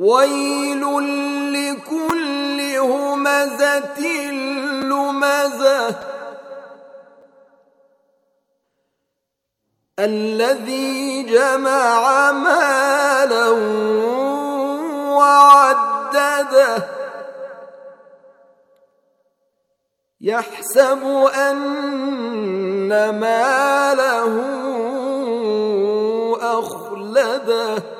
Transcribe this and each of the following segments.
ويل لكل همزه لمزه الذي جمع مالا وعدده يحسب ان ماله اخلده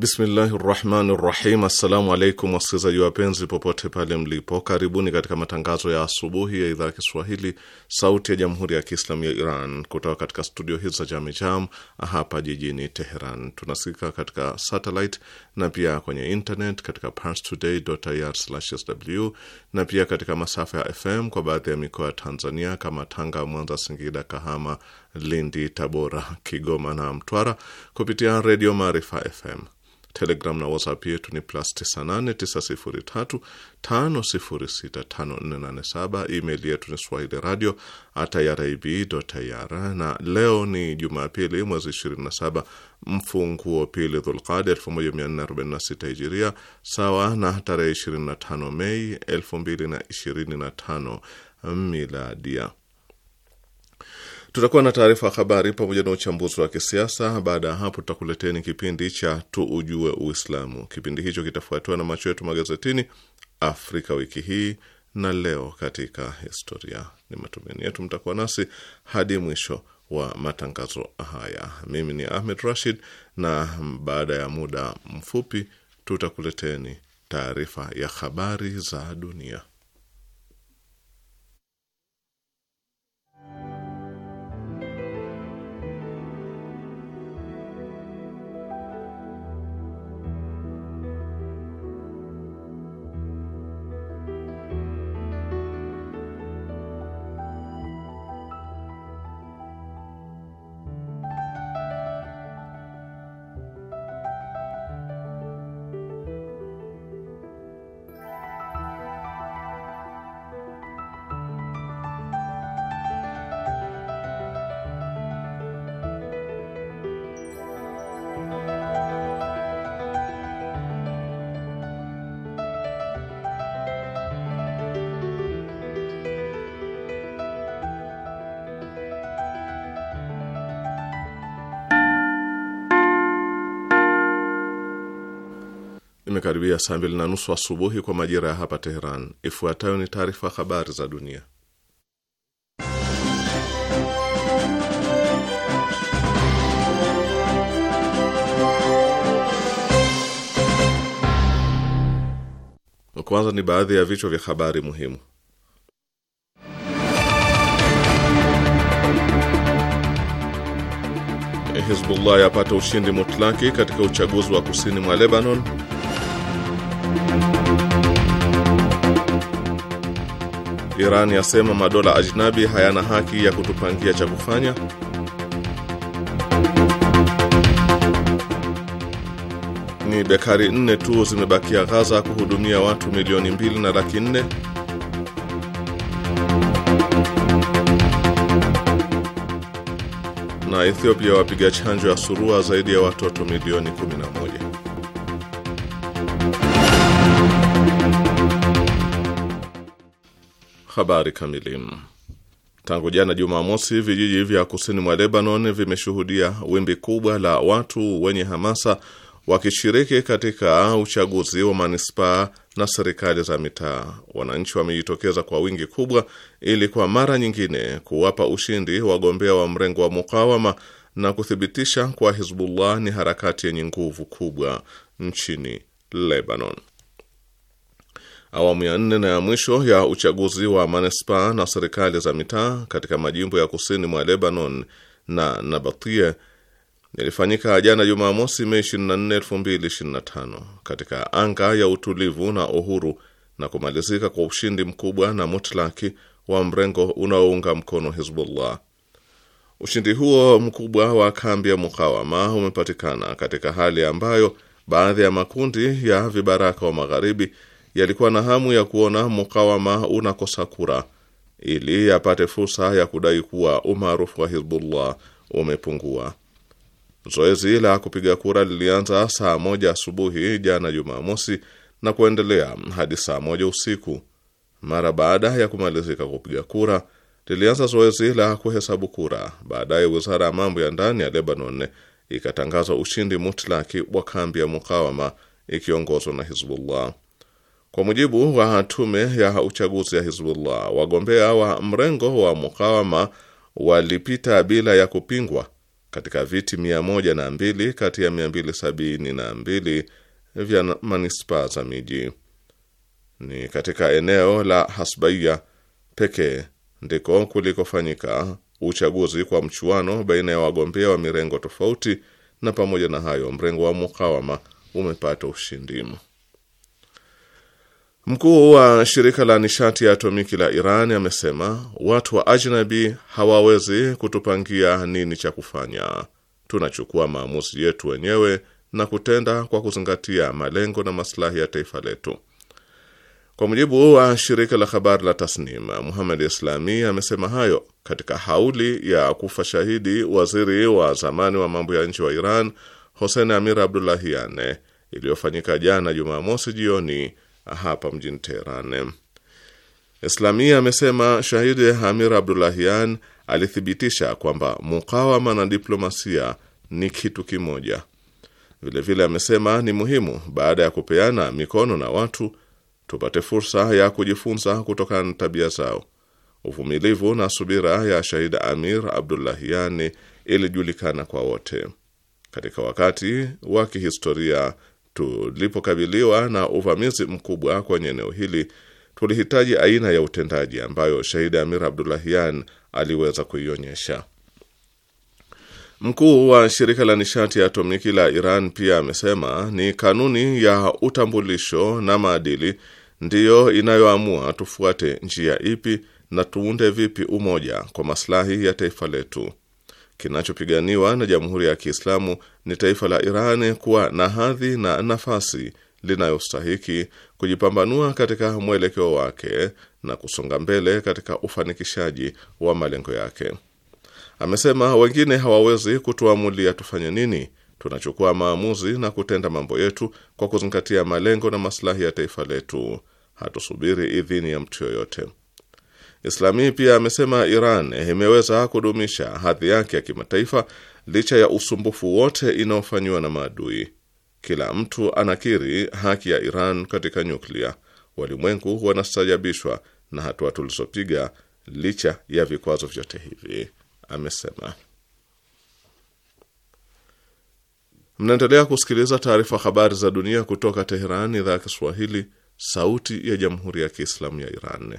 Bismillahi rahmani rahim. Assalamu alaikum wasikilizaji wapenzi popote pale mlipo, karibuni katika matangazo ya asubuhi ya idhaa ya Kiswahili sauti ya jamhuri ya Kiislamu ya Iran kutoka katika studio hizi za Jamijam hapa jijini Teheran. Tunasikika katika satellite na pia kwenye internet katika parstoday.ir/sw na pia katika masafa ya FM kwa baadhi ya mikoa ya Tanzania kama Tanga, Mwanza, Singida, Kahama, Lindi, Tabora, Kigoma na Mtwara kupitia redio Maarifa FM. Telegram na WhatsApp yetu ni plus 989035065487. Email yetu ni swahili radio at irib.ir. Na leo ni Jumapili, mwezi 27 mfunguo pili Dhulqada 1446 Hijiria, sawa na tarehe 25 Mei 2025 Miladia. Tutakuwa na taarifa ya habari pamoja na uchambuzi wa kisiasa. Baada ya hapo, tutakuleteni kipindi cha tu ujue Uislamu. Kipindi hicho kitafuatiwa na macho yetu magazetini, Afrika wiki hii na leo katika historia. Ni matumaini yetu mtakuwa nasi hadi mwisho wa matangazo haya. Mimi ni Ahmed Rashid, na baada ya muda mfupi tutakuleteni taarifa ya habari za dunia. imewadia saa mbili na nusu asubuhi kwa majira ya hapa Teheran. Ifuatayo ni taarifa habari za dunia. Kwanza ni baadhi ya vichwa vya habari muhimu. Hizbullah yapata ushindi mutlaki katika uchaguzi wa kusini mwa Lebanon. Iran yasema madola ajnabi hayana haki ya kutupangia cha kufanya. Ni bekari nne tu zimebakia Gaza kuhudumia watu milioni mbili na laki nne. Na Ethiopia wapiga chanjo ya surua zaidi ya watoto milioni 11. Habari kamili. Tangu jana Jumamosi, vijiji vya kusini mwa Lebanon vimeshuhudia wimbi kubwa la watu wenye hamasa wakishiriki katika uchaguzi wa manispaa na serikali za mitaa. Wananchi wamejitokeza kwa wingi kubwa ili kwa mara nyingine kuwapa ushindi wagombea wa mrengo wa mukawama na kuthibitisha kwa Hizbullah ni harakati yenye nguvu kubwa nchini Lebanon awamu ya nne na ya mwisho ya uchaguzi wa manispa na serikali za mitaa katika majimbo ya kusini mwa Lebanon na nabatie ilifanyika jana Jumamosi, Mei 24, 2025 katika anga ya utulivu na uhuru na kumalizika kwa ushindi mkubwa na mutlaki wa mrengo unaounga mkono Hizbullah. Ushindi huo mkubwa wa kambi ya mukawama umepatikana katika hali ambayo baadhi ya makundi ya vibaraka wa magharibi yalikuwa na hamu ya kuona mukawama unakosa kura ili yapate fursa ya kudai kuwa umaarufu wa Hizbullah umepungua. Zoezi la kupiga kura lilianza saa moja asubuhi jana Jumamosi na kuendelea hadi saa moja usiku. Mara baada ya kumalizika kupiga kura, lilianza zoezi la kuhesabu kura. Baadaye wizara ya mambo ya ndani ya Lebanon ikatangaza ushindi mutlaki wa kambi ya mukawama ikiongozwa na Hizbullah. Kwa mujibu wa tume ya uchaguzi ya Hizbullah, wagombea wa mrengo wa mukawama walipita bila ya kupingwa katika viti 102 kati ya 272 vya manispaa za miji. Ni katika eneo la Hasbaiya pekee ndiko kulikofanyika uchaguzi kwa mchuano baina ya wagombea wa mirengo tofauti, na pamoja na hayo mrengo wa mukawama umepata ushindi. Mkuu wa shirika la nishati ya atomiki la Iran amesema watu wa ajnabi hawawezi kutupangia nini cha kufanya. Tunachukua maamuzi yetu wenyewe na kutenda kwa kuzingatia malengo na maslahi ya taifa letu. Kwa mujibu wa shirika la habari la Tasnim, Muhammad Islami amesema hayo katika hauli ya kufa shahidi waziri wa zamani wa mambo ya nje wa Iran Hossein Amir Abdullahian iliyofanyika jana Jumamosi jioni hapa mjini Teheran. Islamia amesema shahidi Amir Abdullahian alithibitisha kwamba mukawama na diplomasia ni kitu kimoja. Vilevile amesema ni muhimu baada ya kupeana mikono na watu tupate fursa ya kujifunza kutokana na tabia zao. Uvumilivu na subira ya shahidi Amir Abdullahiani ilijulikana kwa wote. Katika wakati wa kihistoria tulipokabiliwa na uvamizi mkubwa kwenye eneo hili, tulihitaji aina ya utendaji ambayo shahidi Amir Abdullahian aliweza kuionyesha. Mkuu wa shirika la nishati ya atomiki la Iran pia amesema ni kanuni ya utambulisho na maadili ndiyo inayoamua tufuate njia ipi na tuunde vipi umoja kwa maslahi ya taifa letu. Kinachopiganiwa na Jamhuri ya Kiislamu ni taifa la Iran kuwa na hadhi na nafasi linayostahiki kujipambanua katika mwelekeo wake na kusonga mbele katika ufanikishaji wa malengo yake. Amesema wengine hawawezi kutuamulia tufanye nini. Tunachukua maamuzi na kutenda mambo yetu kwa kuzingatia malengo na maslahi ya taifa letu. Hatusubiri idhini ya mtu yoyote. Islami pia amesema Iran imeweza kudumisha hadhi yake ya kimataifa licha ya usumbufu wote inayofanyiwa na maadui. Kila mtu anakiri haki ya Iran katika nyuklia. Walimwengu wanastajabishwa na hatua tulizopiga licha ya vikwazo vyote hivi, amesema. Mnaendelea kusikiliza taarifa habari za dunia kutoka Teheran, idhaa ya Kiswahili, sauti ya jamhuri ya kiislamu ya Iran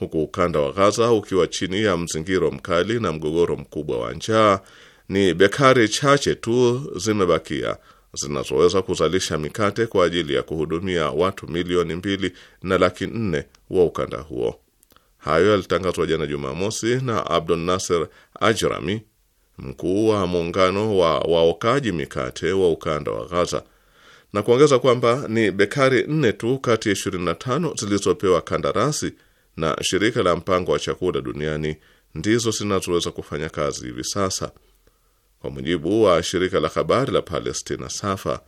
huku ukanda wa Gaza ukiwa chini ya mzingiro mkali na mgogoro mkubwa wa njaa, ni bekari chache tu zimebakia zinazoweza kuzalisha mikate kwa ajili ya kuhudumia watu milioni mbili na laki nne wa ukanda huo. Hayo yalitangazwa jana Jumamosi na Abdul Nasser Ajrami, mkuu wa muungano wa waokaji mikate wa ukanda wa Gaza na kuongeza kwamba ni bekari nne tu kati ya 25 zilizopewa kandarasi na shirika la mpango wa chakula duniani ndizo zinazoweza kufanya kazi hivi sasa. Kwa mujibu wa shirika la habari la Palestina Safa,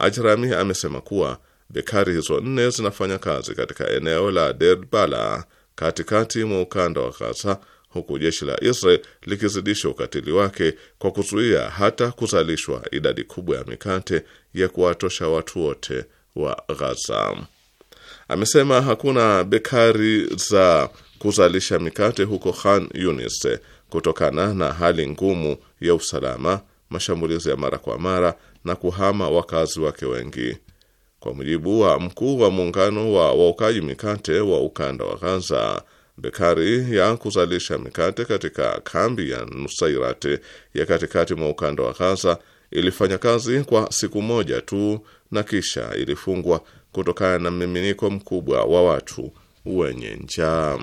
Ajrami amesema kuwa bekari hizo nne zinafanya kazi katika eneo la Derbala katikati mwa ukanda wa Gaza, huku jeshi la Israel likizidisha ukatili wake kwa kuzuia hata kuzalishwa idadi kubwa ya mikate ya kuwatosha watu wote wa Gaza amesema hakuna bekari za kuzalisha mikate huko Khan Yunis kutokana na hali ngumu ya usalama, mashambulizi ya mara kwa mara na kuhama wakazi wake wengi. Kwa mujibu wa mkuu wa muungano wa waokaji mikate wa ukanda wa Gaza, bekari ya kuzalisha mikate katika kambi ya nusairate ya katikati mwa ukanda wa Gaza ilifanya kazi kwa siku moja tu na kisha ilifungwa kutokana na mmiminiko mkubwa wa watu wenye njaa.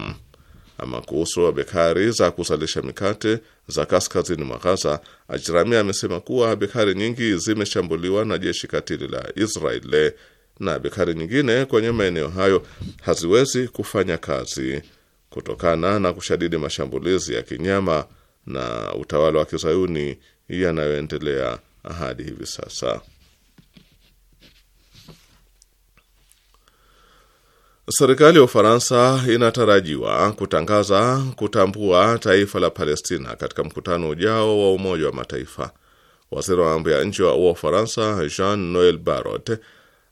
Ama kuhusu bekari za kuzalisha mikate za kaskazini mwa Gaza, Ajrami amesema kuwa bekari nyingi zimeshambuliwa na jeshi katili la Israeli na bekari nyingine kwenye maeneo hayo haziwezi kufanya kazi kutokana na kushadidi mashambulizi ya kinyama na utawala wa kizayuni yanayoendelea hadi hivi sasa. Serikali ya Ufaransa inatarajiwa kutangaza kutambua taifa la Palestina katika mkutano ujao wa Umoja wa Mataifa. Waziri wa mambo ya nje wa Ufaransa Jean Noel Barrot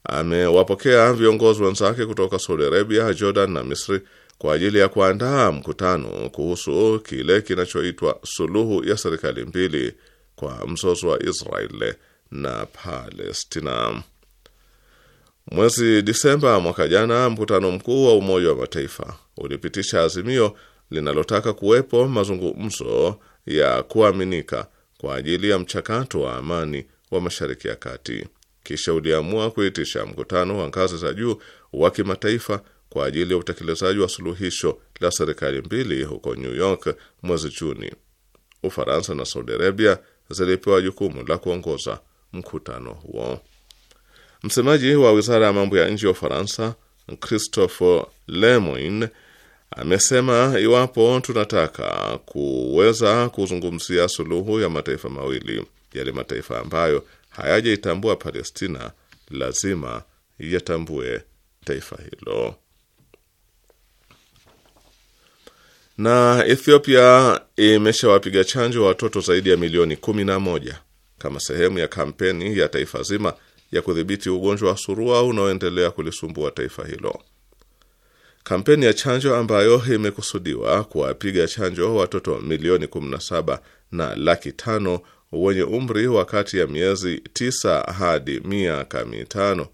amewapokea viongozi wenzake kutoka Saudi Arabia, Jordan na Misri kwa ajili ya kuandaa mkutano kuhusu kile kinachoitwa suluhu ya serikali mbili kwa mzozo wa Israel na Palestina. Mwezi Disemba mwaka jana, mkutano mkuu wa Umoja wa Mataifa ulipitisha azimio linalotaka kuwepo mazungumzo ya kuaminika kwa ajili ya mchakato wa amani wa Mashariki ya Kati. Kisha uliamua kuitisha mkutano wa ngazi za juu wa kimataifa kwa ajili ya utekelezaji wa suluhisho la serikali mbili huko New York mwezi Juni. Ufaransa na Saudi Arabia zilipewa jukumu la kuongoza mkutano huo. Msemaji wa wizara ya mambo ya nje ya Ufaransa, Christophe Lemoine, amesema iwapo tunataka kuweza kuzungumzia suluhu ya mataifa mawili, yale mataifa ambayo hayajaitambua Palestina lazima yatambue taifa hilo. Na Ethiopia imeshawapiga chanjo watoto zaidi ya milioni kumi na moja kama sehemu ya kampeni ya taifa zima ya kudhibiti ugonjwa wa surua unaoendelea kulisumbua taifa hilo. Kampeni ya chanjo ambayo imekusudiwa kuwapiga chanjo watoto milioni 17 na laki tano wenye umri wa kati ya miezi 9 hadi miaka mitano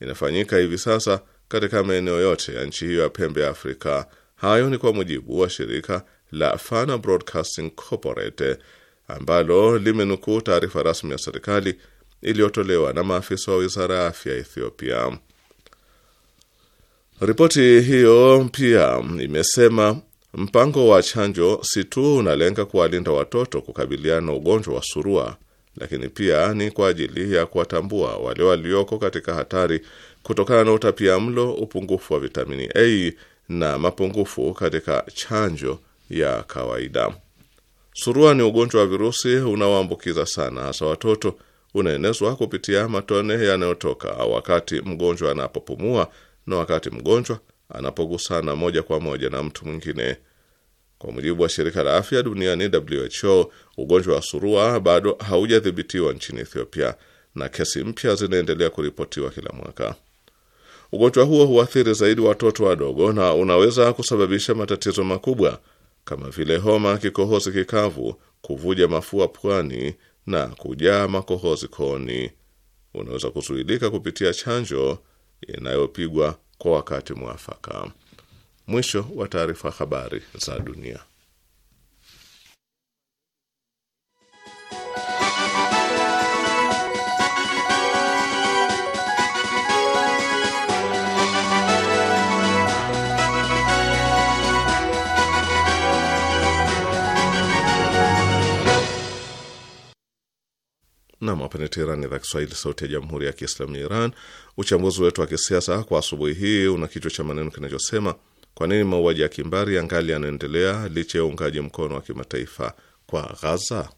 inafanyika hivi sasa katika maeneo yote ya nchi hiyo ya pembe ya Afrika. Hayo ni kwa mujibu wa shirika la Fana Broadcasting Corporate ambalo limenukuu taarifa rasmi ya serikali iliyotolewa na maafisa wa wizara ya afya Ethiopia. Ripoti hiyo pia imesema mpango wa chanjo si tu unalenga kuwalinda watoto kukabiliana na ugonjwa wa surua, lakini pia ni kwa ajili ya kuwatambua wale walioko katika hatari kutokana na utapia mlo, upungufu wa vitamini A na mapungufu katika chanjo ya kawaida. Surua ni ugonjwa wa virusi unaoambukiza sana, hasa watoto unaenezwa kupitia matone yanayotoka wakati mgonjwa anapopumua na wakati mgonjwa anapogusana moja kwa moja na mtu mwingine. Kwa mujibu wa shirika la afya duniani WHO, ugonjwa wa surua bado haujadhibitiwa nchini Ethiopia na kesi mpya zinaendelea kuripotiwa kila mwaka. Ugonjwa huo huathiri zaidi watoto wadogo na unaweza kusababisha matatizo makubwa kama vile homa, kikohozi kikavu, kuvuja mafua pwani na kujaa makohozi kooni unaweza kuzuilika kupitia chanjo inayopigwa kwa wakati mwafaka. Mwisho wa taarifa. Habari za dunia. Nam, hapa ni Teherani, idhaa Kiswahili, sauti ya jamhuri ya kiislamu ya Iran. Uchambuzi wetu wa kisiasa kwa asubuhi hii una kichwa cha maneno kinachosema kwa nini mauaji ya kimbari yangali yanaendelea licha ya uungaji mkono wa kimataifa kwa Ghaza?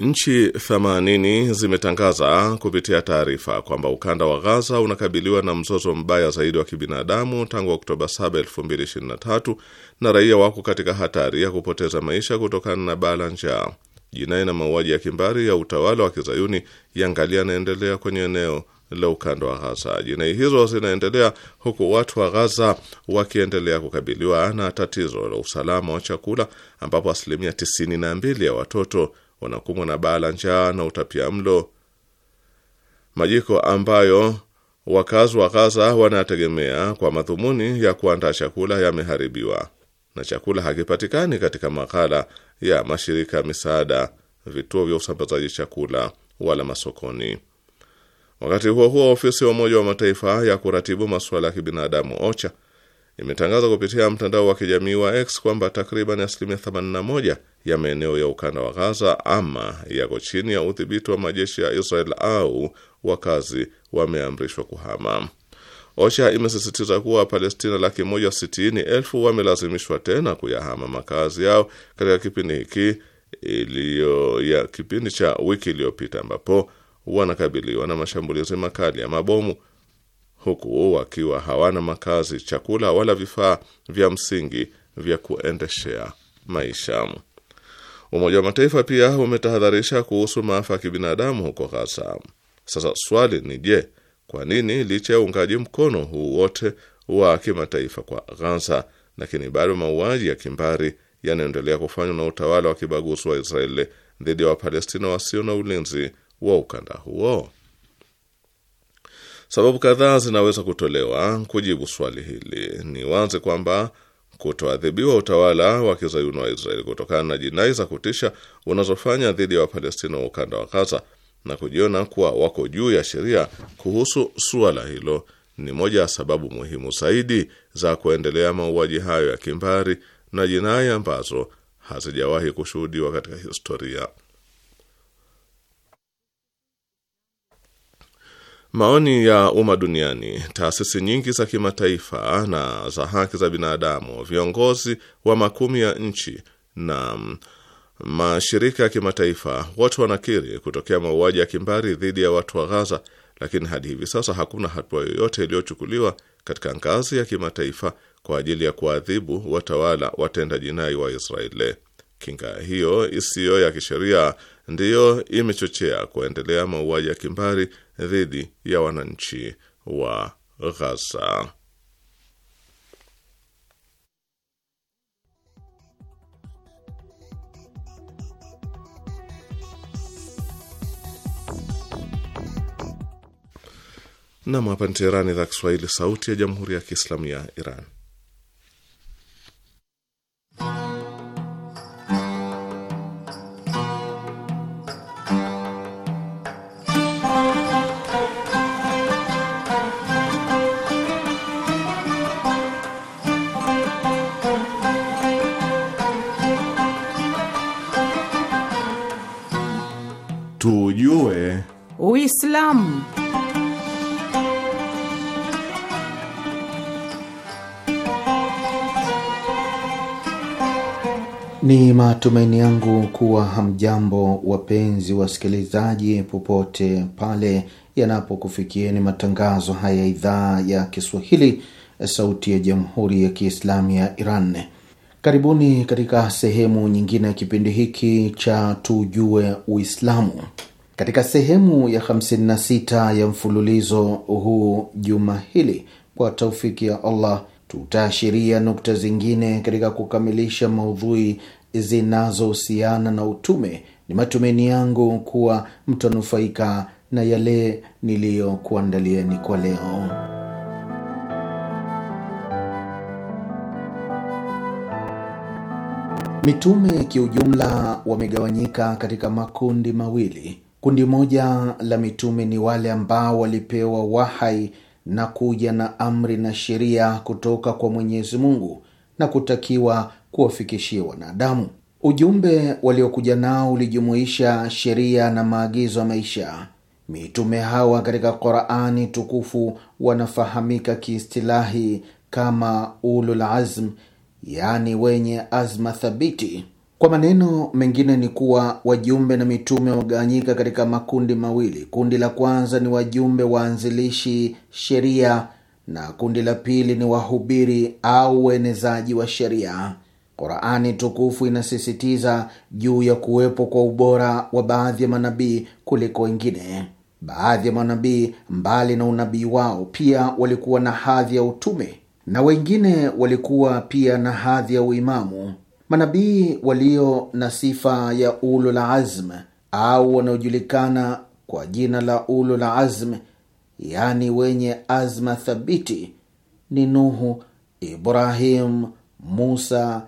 Nchi 80 zimetangaza kupitia taarifa kwamba ukanda wa Gaza unakabiliwa na mzozo mbaya zaidi wa kibinadamu tangu Oktoba 7, 2023 na raia wako katika hatari ya kupoteza maisha kutokana na baa la njaa. Jinai na mauaji ya kimbari ya utawala wa kizayuni yangali yanaendelea kwenye eneo la ukanda wa Gaza. Jinai hizo zinaendelea huku watu wa Gaza wakiendelea kukabiliwa na tatizo la usalama wa chakula, ambapo asilimia 92 ya watoto wanakumbwa na baa la njaa na utapia mlo, majiko ambayo wakazi wa Gaza wanayategemea kwa madhumuni ya kuandaa chakula yameharibiwa na chakula hakipatikani katika maghala ya mashirika ya misaada, vituo vya usambazaji chakula wala masokoni. Wakati huo huo, ofisi ya Umoja wa Mataifa ya kuratibu masuala ya kibinadamu OCHA imetangaza kupitia mtandao wa kijamii wa X kwamba takriban asilimia 81 ya maeneo ya ukanda wa Gaza ama yako chini ya udhibiti wa majeshi ya Israel au wakazi wameamrishwa kuhama. OCHA imesisitiza kuwa Wapalestina laki moja sitini elfu wamelazimishwa tena kuyahama makazi yao katika kipindi hiki iliyo ya kipindi cha wiki iliyopita ambapo wanakabiliwa na mashambulizi makali ya mabomu huku wakiwa hawana makazi, chakula wala vifaa vya msingi vya kuendeshea maisha. Umoja wa Mataifa pia umetahadharisha kuhusu maafa ya kibinadamu huko Gaza. Sasa swali ni je, kwa nini licha ya uungaji mkono huu wote wa kimataifa kwa Gaza, lakini bado mauaji ya kimbari yanaendelea kufanywa na utawala wa kibaguzi wa Israeli dhidi ya Wapalestina wasio na ulinzi wa ukanda huo? Sababu kadhaa zinaweza kutolewa kujibu swali hili. Ni wazi kwamba kutoadhibiwa utawala wa kizayuni wa Israeli kutokana na jinai za kutisha unazofanya dhidi ya Wapalestina wa ukanda wa Gaza na kujiona kuwa wako juu ya sheria kuhusu suala hilo ni moja ya sababu muhimu zaidi za kuendelea mauaji hayo ya kimbari na jinai ambazo hazijawahi kushuhudiwa katika historia. Maoni ya umma duniani, taasisi nyingi za kimataifa na za haki za binadamu, viongozi wa makumi ya nchi na mm, mashirika ya kimataifa, wote wanakiri kutokea mauaji ya kimbari dhidi ya watu wa Ghaza, lakini hadi hivi sasa hakuna hatua yoyote iliyochukuliwa katika ngazi ya kimataifa kwa ajili ya kuadhibu watawala watenda jinai wa Israeli. Kinga hiyo isiyo ya kisheria ndiyo imechochea kuendelea mauaji ya kimbari dhidi ya wananchi wa Ghaza. Nam, hapa ni Teherani, idhaa Kiswahili, sauti ya jamhuri ya kiislamu ya Iran. Tujue Uislamu. Ni matumaini yangu kuwa hamjambo, wapenzi wasikilizaji, popote pale yanapokufikieni matangazo haya idhaa ya Kiswahili, sauti ya jamhuri ya kiislamu ya Iran. Karibuni katika sehemu nyingine ya kipindi hiki cha Tujue Uislamu. Katika sehemu ya 56 ya mfululizo huu juma hili, kwa taufiki ya Allah, tutaashiria nukta zingine katika kukamilisha maudhui zinazohusiana na utume. Ni matumaini yangu kuwa mtanufaika na yale niliyokuandalieni kwa leo. Mitume kiujumla wamegawanyika katika makundi mawili. Kundi moja la mitume ni wale ambao walipewa wahai na kuja na amri na sheria kutoka kwa Mwenyezi Mungu na kutakiwa kuwafikishia wanadamu. Ujumbe waliokuja nao ulijumuisha sheria na maagizo ya maisha. Mitume hawa katika Qorani tukufu wanafahamika kiistilahi kama ulul azm, yaani wenye azma thabiti. Kwa maneno mengine ni kuwa wajumbe na mitume wamegawanyika katika makundi mawili. Kundi la kwanza ni wajumbe waanzilishi sheria na kundi la pili ni wahubiri au uenezaji wa sheria. Qurani tukufu inasisitiza juu ya kuwepo kwa ubora wa baadhi ya manabii kuliko wengine. Baadhi ya manabii, mbali na unabii wao, pia walikuwa na hadhi ya utume na wengine walikuwa pia na hadhi ya uimamu. Manabii walio na sifa ya ulul azm au wanaojulikana kwa jina la ulul azm, yaani wenye azma thabiti, ni Nuhu, Ibrahim, Musa,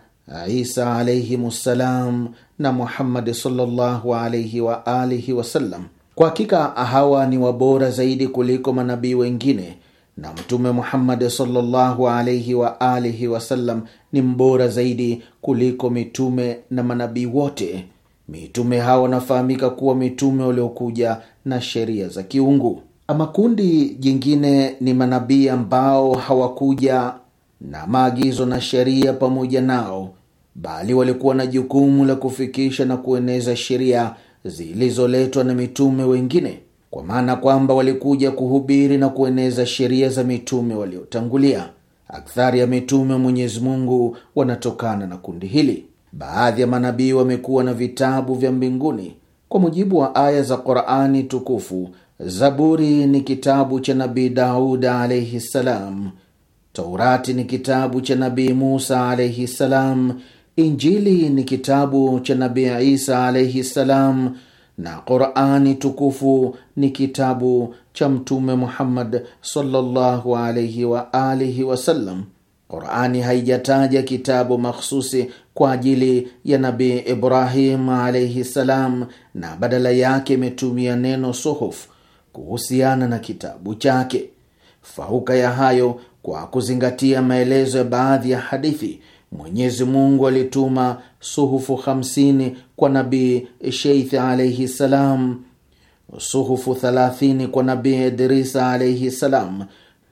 Isa ssalam na Muhammadi sallallahu alaihi wa alihi wasallam. Kwa hakika hawa ni wabora zaidi kuliko manabii wengine na Mtume Muhammad sallallahu alaihi wa alihi wasallam ni mbora zaidi kuliko mitume na manabii wote. Mitume hawa wanafahamika kuwa mitume waliokuja na sheria za kiungu. Ama kundi jingine ni manabii ambao hawakuja na maagizo na sheria pamoja nao, bali walikuwa na jukumu la kufikisha na kueneza sheria zilizoletwa na mitume wengine kwa maana kwamba walikuja kuhubiri na kueneza sheria za mitume waliotangulia. Akthari ya mitume wa Mwenyezi Mungu wanatokana na kundi hili. Baadhi ya manabii wamekuwa na vitabu vya mbinguni kwa mujibu wa aya za Qurani Tukufu. Zaburi ni kitabu cha Nabii Daud alaihi ssalam, Taurati ni kitabu cha Nabii Musa alaihi ssalam, Injili ni kitabu cha Nabii Isa alaihi ssalam na Qurani tukufu ni kitabu cha Mtume Muhammad sallallahu alaihi wa alihi wasallam. Qurani haijataja kitabu makhususi kwa ajili ya nabi Ibrahim alaihi salam, na badala yake imetumia neno suhuf kuhusiana na kitabu chake. Fauka ya hayo, kwa kuzingatia maelezo ya baadhi ya hadithi Mwenyezi Mungu alituma suhufu 50 kwa Nabii sheith alaihi salam, suhufu 30 kwa Nabii Idrisa alaihi salam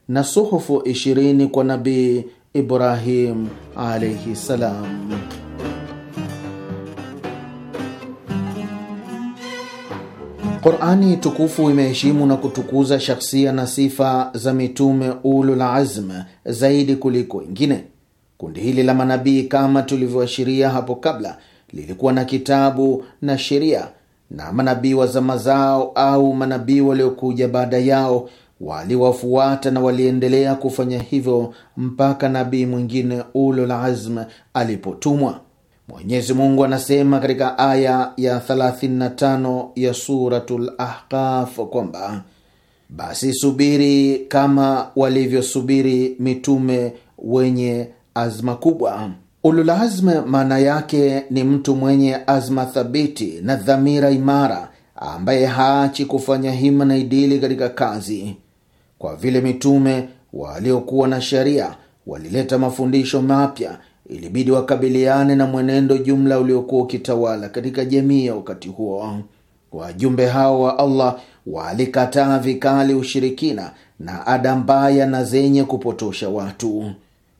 na suhufu 20 kwa Nabii Ibrahim alaihi salam. Qurani tukufu imeheshimu na kutukuza shakhsia na sifa za mitume ulul azm zaidi kuliko wengine. Kundi hili la manabii kama tulivyoashiria hapo kabla lilikuwa na kitabu na sheria, na manabii wa zama zao au manabii waliokuja baada yao waliwafuata na waliendelea kufanya hivyo mpaka nabii mwingine ulul azm alipotumwa. Mwenyezi Mungu anasema katika aya ya 35 ya Suratul Ahqaf kwamba basi subiri kama walivyosubiri mitume wenye azma kubwa. Ululazm maana yake ni mtu mwenye azma thabiti na dhamira imara, ambaye haachi kufanya hima na idili katika kazi, kwa vile mitume waliokuwa na sheria walileta mafundisho mapya ilibidi wakabiliane na mwenendo jumla uliokuwa ukitawala katika jamii ya wakati huo. Wajumbe hao wa Allah walikataa vikali ushirikina na ada mbaya na zenye kupotosha watu.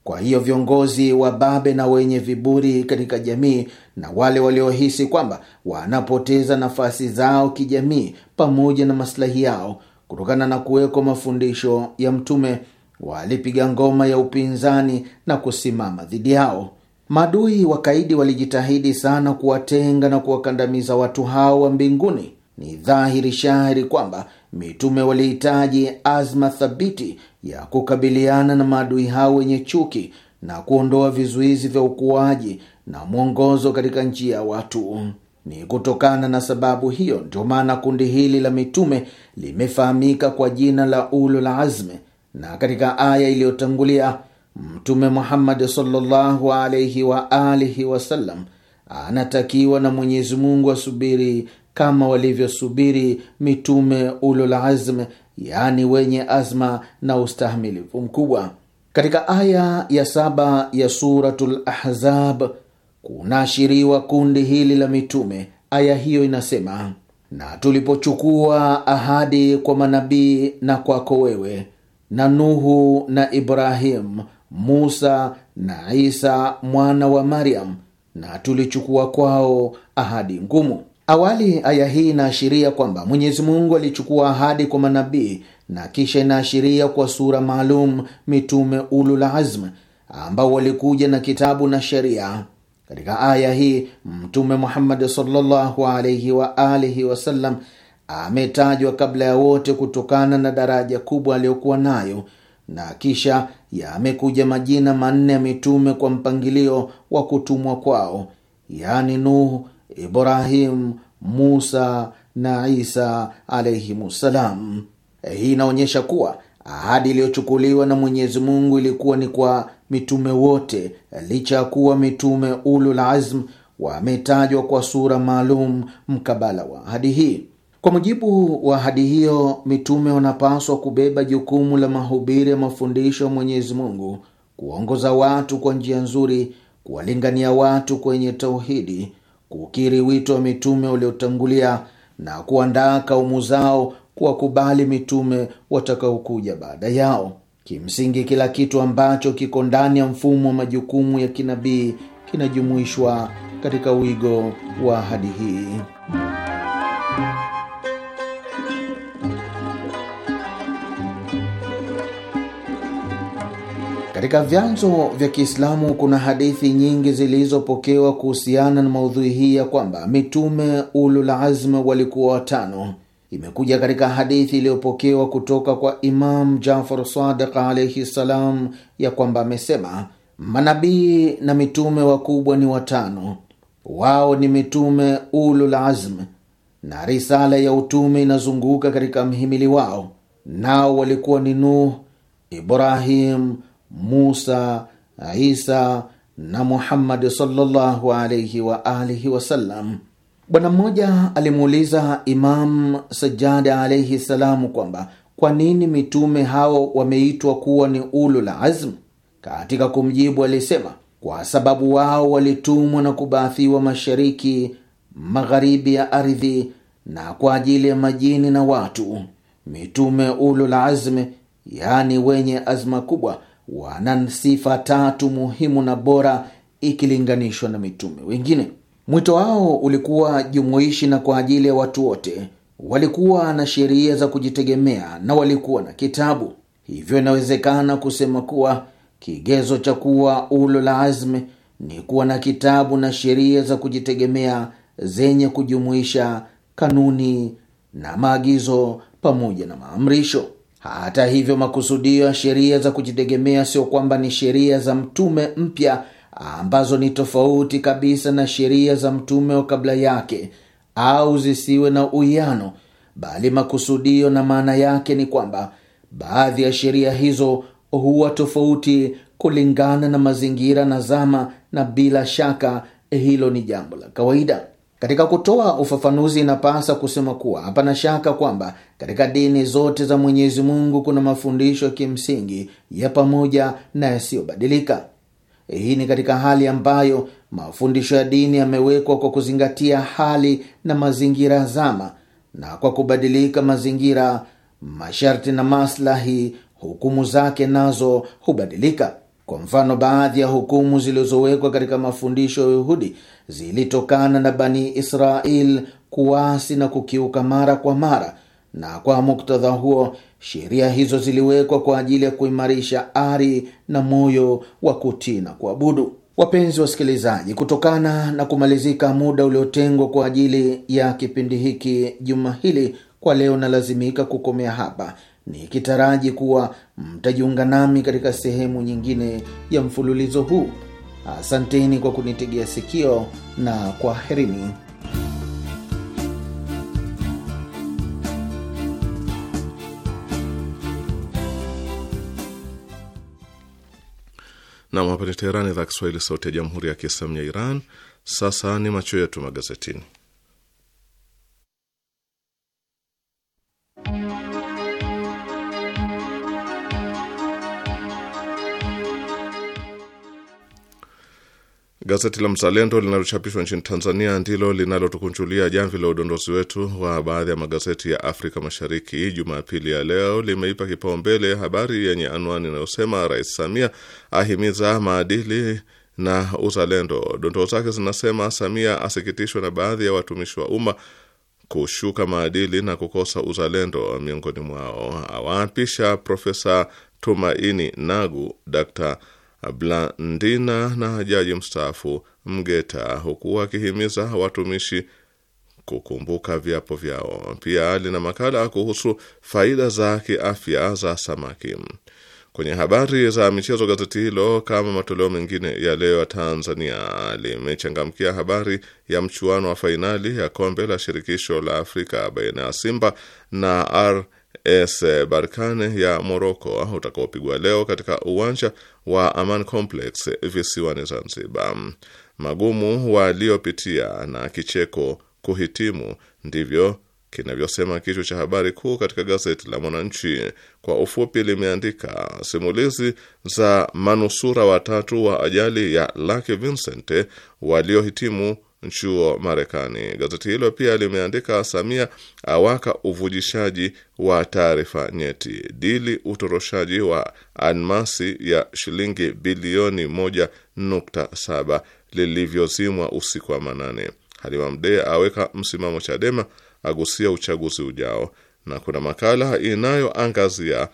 Kwa hiyo viongozi wa babe na wenye viburi katika jamii na wale waliohisi kwamba wanapoteza nafasi zao kijamii pamoja na masilahi yao kutokana na kuwekwa mafundisho ya Mtume walipiga ngoma ya upinzani na kusimama dhidi yao. Maadui wakaidi walijitahidi sana kuwatenga na kuwakandamiza watu hao wa mbinguni ni dhahiri shahiri kwamba mitume walihitaji azma thabiti ya kukabiliana na maadui hao wenye chuki na kuondoa vizuizi vya ukuaji na mwongozo katika njia ya watu. Ni kutokana na sababu hiyo ndio maana kundi hili la mitume limefahamika kwa jina la ulul azme, na katika aya iliyotangulia Mtume Muhammad sallallahu alaihi wa alihi wasallam anatakiwa na Mwenyezi Mungu asubiri kama walivyosubiri mitume ululazm azm, wenye azma na ustahimilivu mkubwa. Katika aya ya saba ya Suratul Ahzab kunaashiriwa kundi hili la mitume. Aya hiyo inasema, na tulipochukua ahadi kwa manabii na kwako wewe na Nuhu na Ibrahimu, Musa na Isa mwana wa Maryam, na tulichukua kwao ahadi ngumu Awali aya hii inaashiria kwamba Mwenyezi Mungu alichukua ahadi kwa manabii na kisha inaashiria kwa sura maalum mitume ulul azm ambao walikuja na kitabu na sheria. Katika aya hii Mtume Muhammad sallallahu alaihi wa alihi wasallam ametajwa kabla ya wote kutokana na daraja kubwa aliyokuwa nayo, na kisha yamekuja majina manne ya mitume kwa mpangilio wa kutumwa kwao, yaani Nuhu, Ibrahim, Musa na Isa alaihimussalam. Eh, hii inaonyesha kuwa ahadi iliyochukuliwa na Mwenyezi Mungu ilikuwa ni kwa mitume wote, licha ya kuwa mitume ulul azm wametajwa kwa sura maalum mkabala wa ahadi hii. Kwa mujibu wa ahadi hiyo, mitume wanapaswa kubeba jukumu la mahubiri ya mafundisho ya Mwenyezi Mungu, kuwaongoza watu kwa njia nzuri, kuwalingania watu kwenye tauhidi kukiri wito wa mitume uliotangulia na kuandaa kaumu zao kuwakubali mitume watakaokuja baada yao. Kimsingi, kila kitu ambacho kiko ndani ya mfumo wa majukumu ya kinabii kinajumuishwa katika wigo wa ahadi hii. Katika vyanzo vya Kiislamu kuna hadithi nyingi zilizopokewa kuhusiana na maudhui hii ya kwamba mitume ulul azm walikuwa watano. Imekuja katika hadithi iliyopokewa kutoka kwa Imam Jafar Sadiq alaihi ssalam ya kwamba amesema, manabii na mitume wakubwa ni watano, wao ni mitume ulul azm, na risala ya utume inazunguka katika mhimili wao, nao walikuwa ni Nuh, Ibrahim, Musa, Isa na Muhammadi sallallahu alaihi wa alihi wasallam. Bwana mmoja alimuuliza Imam Sajada alaihi salamu kwamba kwa nini mitume hao wameitwa kuwa ni ulul azm? Katika kumjibu alisema kwa sababu wao walitumwa na kubaathiwa mashariki, magharibi ya ardhi na kwa ajili ya majini na watu. Mitume ulul azm, yaani wenye azma kubwa wana sifa tatu muhimu na bora ikilinganishwa na mitume wengine. Mwito wao ulikuwa jumuishi na kwa ajili ya watu wote. Walikuwa na sheria za kujitegemea na walikuwa na kitabu, hivyo inawezekana kusema kuwa kigezo cha kuwa ulo la azmi ni kuwa na kitabu na sheria za kujitegemea zenye kujumuisha kanuni na maagizo pamoja na maamrisho. Hata hivyo, makusudio ya sheria za kujitegemea sio kwamba ni sheria za mtume mpya ambazo ni tofauti kabisa na sheria za mtume wa kabla yake au zisiwe na uwiano, bali makusudio na maana yake ni kwamba baadhi ya sheria hizo huwa tofauti kulingana na mazingira na zama, na bila shaka hilo ni jambo la kawaida. Katika kutoa ufafanuzi, inapasa kusema kuwa hapana shaka kwamba katika dini zote za Mwenyezi Mungu kuna mafundisho ya kimsingi ya pamoja na yasiyobadilika. Hii ni katika hali ambayo mafundisho ya dini yamewekwa kwa kuzingatia hali na mazingira zama, na kwa kubadilika mazingira, masharti na maslahi, hukumu zake nazo hubadilika. Kwa mfano, baadhi ya hukumu zilizowekwa katika mafundisho ya Uyahudi zilitokana na Bani Israel kuasi na kukiuka mara kwa mara, na kwa muktadha huo sheria hizo ziliwekwa kwa ajili ya kuimarisha ari na moyo wa kutii na kuabudu. Wapenzi wasikilizaji, kutokana na kumalizika muda uliotengwa kwa ajili ya kipindi hiki juma hili, kwa leo nalazimika kukomea hapa nikitaraji kuwa mtajiunga nami katika sehemu nyingine ya mfululizo huu. Asanteni kwa kunitegea sikio na kwaherini. Nam, hapa ni Teherani, idhaa Kiswahili, sauti ya jamhuri ya kiislamu ya Iran. Sasa ni macho yetu magazetini. Gazeti la Mzalendo linalochapishwa nchini Tanzania ndilo linalotukunjulia jamvi la udondozi wetu wa baadhi ya magazeti ya Afrika Mashariki Jumapili ya leo. Limeipa kipaumbele habari yenye anwani inayosema Rais Samia ahimiza maadili na uzalendo. Dondoo zake zinasema Samia asikitishwa na baadhi ya watumishi wa umma kushuka maadili na kukosa uzalendo miongoni mwao, awaapisha Profesa Tumaini Nagu, Dr Blandina na jaji mstaafu Mgeta, huku wakihimiza watumishi kukumbuka viapo vyao. Pia lina makala kuhusu faida za kiafya za samaki. Kwenye habari za michezo, gazeti hilo kama matoleo mengine ya leo ya Tanzania limechangamkia habari ya mchuano wa fainali ya kombe la shirikisho la Afrika baina ya Simba na R AS Barkane ya Moroko ah, utakaopigwa leo katika uwanja wa Aman Complex visiwani Zanzibar. Magumu waliopitia na kicheko kuhitimu, ndivyo kinavyosema kichwa cha habari kuu katika gazeti la Mwananchi. Kwa ufupi, limeandika simulizi za manusura watatu wa ajali ya Lucky Vincent waliohitimu chuo Marekani. Gazeti hilo pia limeandika Samia awaka uvujishaji wa taarifa nyeti, dili utoroshaji wa almasi ya shilingi bilioni moja nukta saba lilivyozimwa usiku wa manane. Halima Mdee aweka msimamo Chadema, agusia uchaguzi ujao, na kuna makala inayoangazia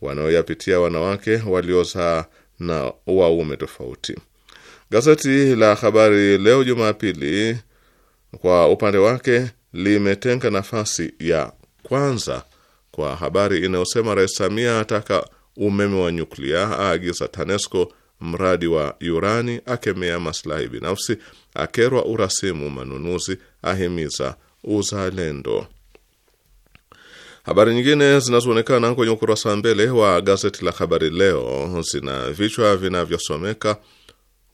wanaoyapitia wanawake waliozaa na waume tofauti. Gazeti la Habari Leo Jumapili kwa upande wake limetenga nafasi ya kwanza kwa habari inayosema Rais Samia ataka umeme wa nyuklia, aagiza TANESCO mradi wa urani, akemea maslahi binafsi, akerwa urasimu manunuzi, ahimiza uzalendo. Habari nyingine zinazoonekana kwenye ukurasa wa mbele wa gazeti la Habari Leo zina vichwa vinavyosomeka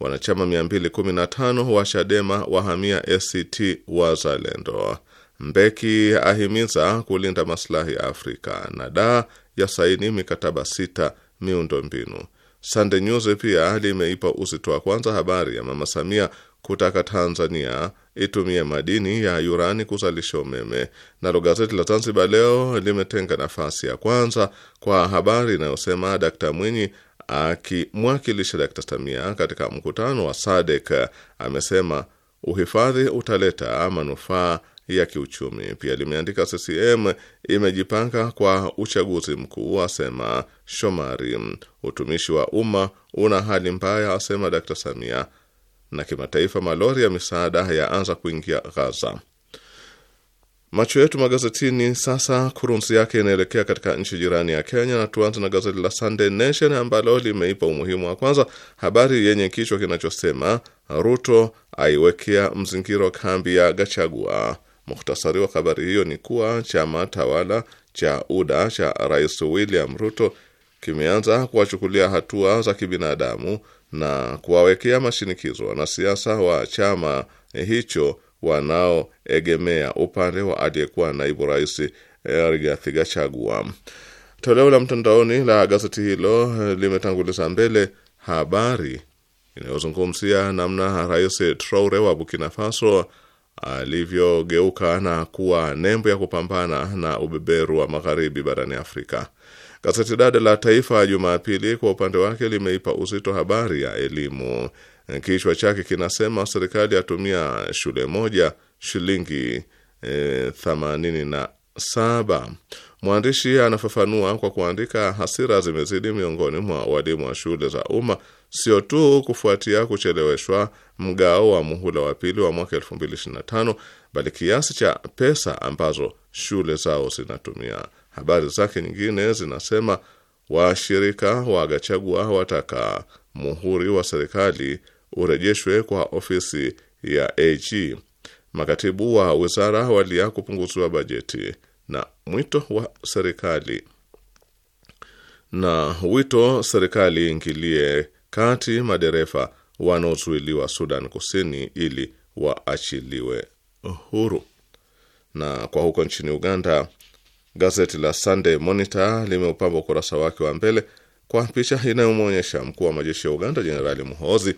Wanachama 215 wa Chadema wahamia ACT Wazalendo. Mbeki ahimiza kulinda maslahi ya Afrika na daa ya saini mikataba sita miundo mbinu. Sunday News pia limeipa uzito wa kwanza habari ya Mama Samia kutaka Tanzania itumie madini ya urani kuzalisha umeme. Nalo gazeti la Zanzibar Leo limetenga nafasi ya kwanza kwa habari inayosema Dkt Mwinyi akimwakilisha Dkt Samia katika mkutano wa SADC amesema uhifadhi utaleta manufaa ya kiuchumi. Pia limeandika CCM imejipanga kwa uchaguzi mkuu, asema Shomari. Utumishi wa umma una hali mbaya, asema Dkt Samia. Na kimataifa, malori ya misaada yaanza kuingia Gaza. Macho yetu magazetini sasa, kurunzi yake inaelekea katika nchi jirani ya Kenya, na tuanze na gazeti la Sunday Nation ambalo limeipa umuhimu wa kwanza habari yenye kichwa kinachosema Ruto aiwekea mzingiro kambi ya Gachagua. Muhtasari wa habari hiyo ni kuwa chama tawala cha UDA cha Rais William Ruto kimeanza kuwachukulia hatua za kibinadamu na kuwawekea mashinikizo wanasiasa wa chama hicho wanaoegemea upande wa aliyekuwa naibu rais Rigathi Gachagua. Toleo la mtandaoni la gazeti hilo limetanguliza mbele habari inayozungumzia namna Rais Traore wa Burkina Faso alivyogeuka na kuwa nembo ya kupambana na ubeberu wa magharibi barani Afrika. Gazeti dada la Taifa Jumapili kwa upande wake limeipa uzito habari ya elimu Eh, kichwa chake kinasema serikali atumia shule moja shilingi e, themanini na saba. Mwandishi anafafanua kwa kuandika, hasira zimezidi miongoni mwa walimu wa shule za umma, sio tu kufuatia kucheleweshwa mgao wa muhula wa pili wa mwaka 2025 bali kiasi cha pesa ambazo shule zao zinatumia. Habari zake nyingine zinasema washirika wa Gachagua wataka muhuri wa serikali urejeshwe kwa ofisi ya AG. Makatibu wa wizara walia kupunguziwa bajeti na mwito wa serikali na wito serikali ingilie kati madereva wanaozuiliwa Sudan Kusini ili waachiliwe huru. Na kwa huko nchini Uganda, gazeti la Sunday Monitor limeupamba ukurasa wake wa mbele kwa picha inayomwonyesha mkuu wa majeshi ya Uganda Jenerali muhozi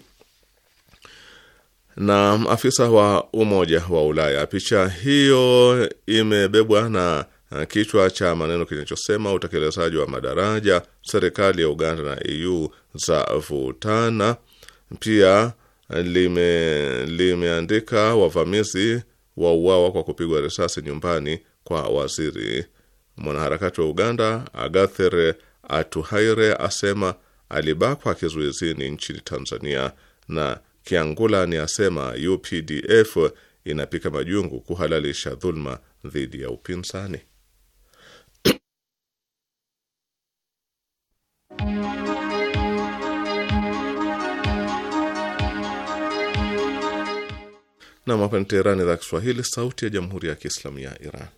na afisa wa Umoja wa Ulaya. Picha hiyo imebebwa na uh, kichwa cha maneno kinachosema utekelezaji wa madaraja, serikali ya Uganda na EU za vutana. Pia uh, lime limeandika wavamizi wa uawa kwa kupigwa risasi nyumbani kwa waziri. Mwanaharakati wa Uganda Agathere Atuhaire asema alibakwa kizuizini nchini Tanzania na Kiangula ni asema UPDF inapika majungu kuhalalisha dhulma dhidi ya upinzani. Nam, hapa ni Teherani, idhaa Kiswahili, sauti ya jamhuri ya kiislamu ya Iran.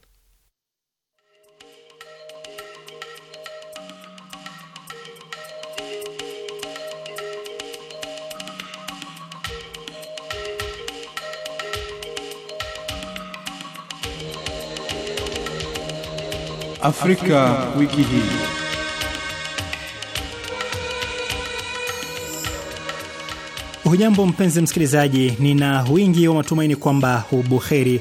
Afrika, wiki hii. Hujambo mpenzi msikilizaji, nina wingi wa matumaini kwamba ubuheri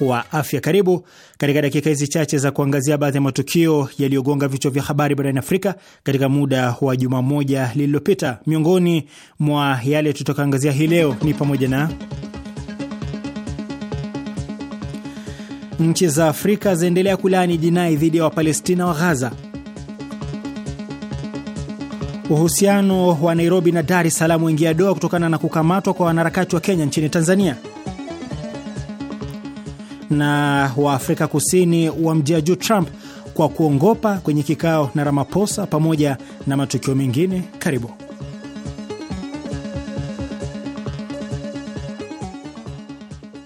wa afya. Karibu katika dakika hizi chache za kuangazia baadhi ya matukio yaliyogonga vichwa vya habari barani Afrika katika muda wa juma moja lililopita. Miongoni mwa yale tutakaangazia hii leo ni pamoja na Nchi za Afrika zaendelea kulaani jinai dhidi ya Wapalestina wa Ghaza. Uhusiano wa Nairobi na Dar es Salaam waingia doa kutokana na kukamatwa kwa wanaharakati wa Kenya nchini Tanzania, na Waafrika Kusini wamjia juu Trump kwa kuongopa kwenye kikao na Ramaphosa, pamoja na matukio mengine. Karibu.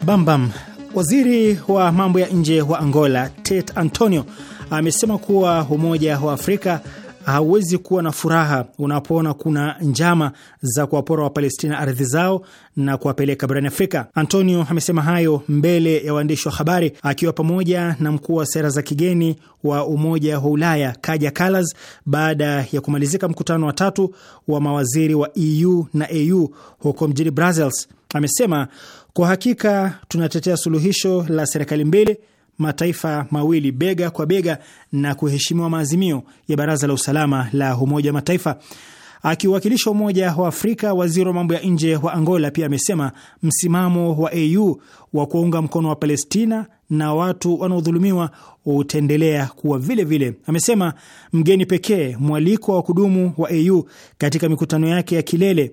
Bambam Waziri wa mambo ya nje wa Angola Tete Antonio amesema kuwa Umoja wa Afrika hauwezi kuwa na furaha unapoona kuna njama za kuwapora Wapalestina ardhi zao na kuwapeleka barani Afrika. Antonio amesema hayo mbele ya waandishi wa habari akiwa pamoja na mkuu wa sera za kigeni wa Umoja wa Ulaya Kaja kalas baada ya kumalizika mkutano wa tatu wa mawaziri wa EU na AU huko mjini Brussels. Amesema kwa hakika tunatetea suluhisho la serikali mbili, mataifa mawili, bega kwa bega, na kuheshimiwa maazimio ya Baraza la Usalama la Umoja wa Mataifa. Akiwakilisha Umoja wa Afrika, waziri wa mambo ya nje wa Angola pia amesema msimamo wa AU wa kuwaunga mkono wa Palestina na watu wanaodhulumiwa utaendelea kuwa vile vile. Amesema mgeni pekee mwaliko wa kudumu wa AU katika mikutano yake ya kilele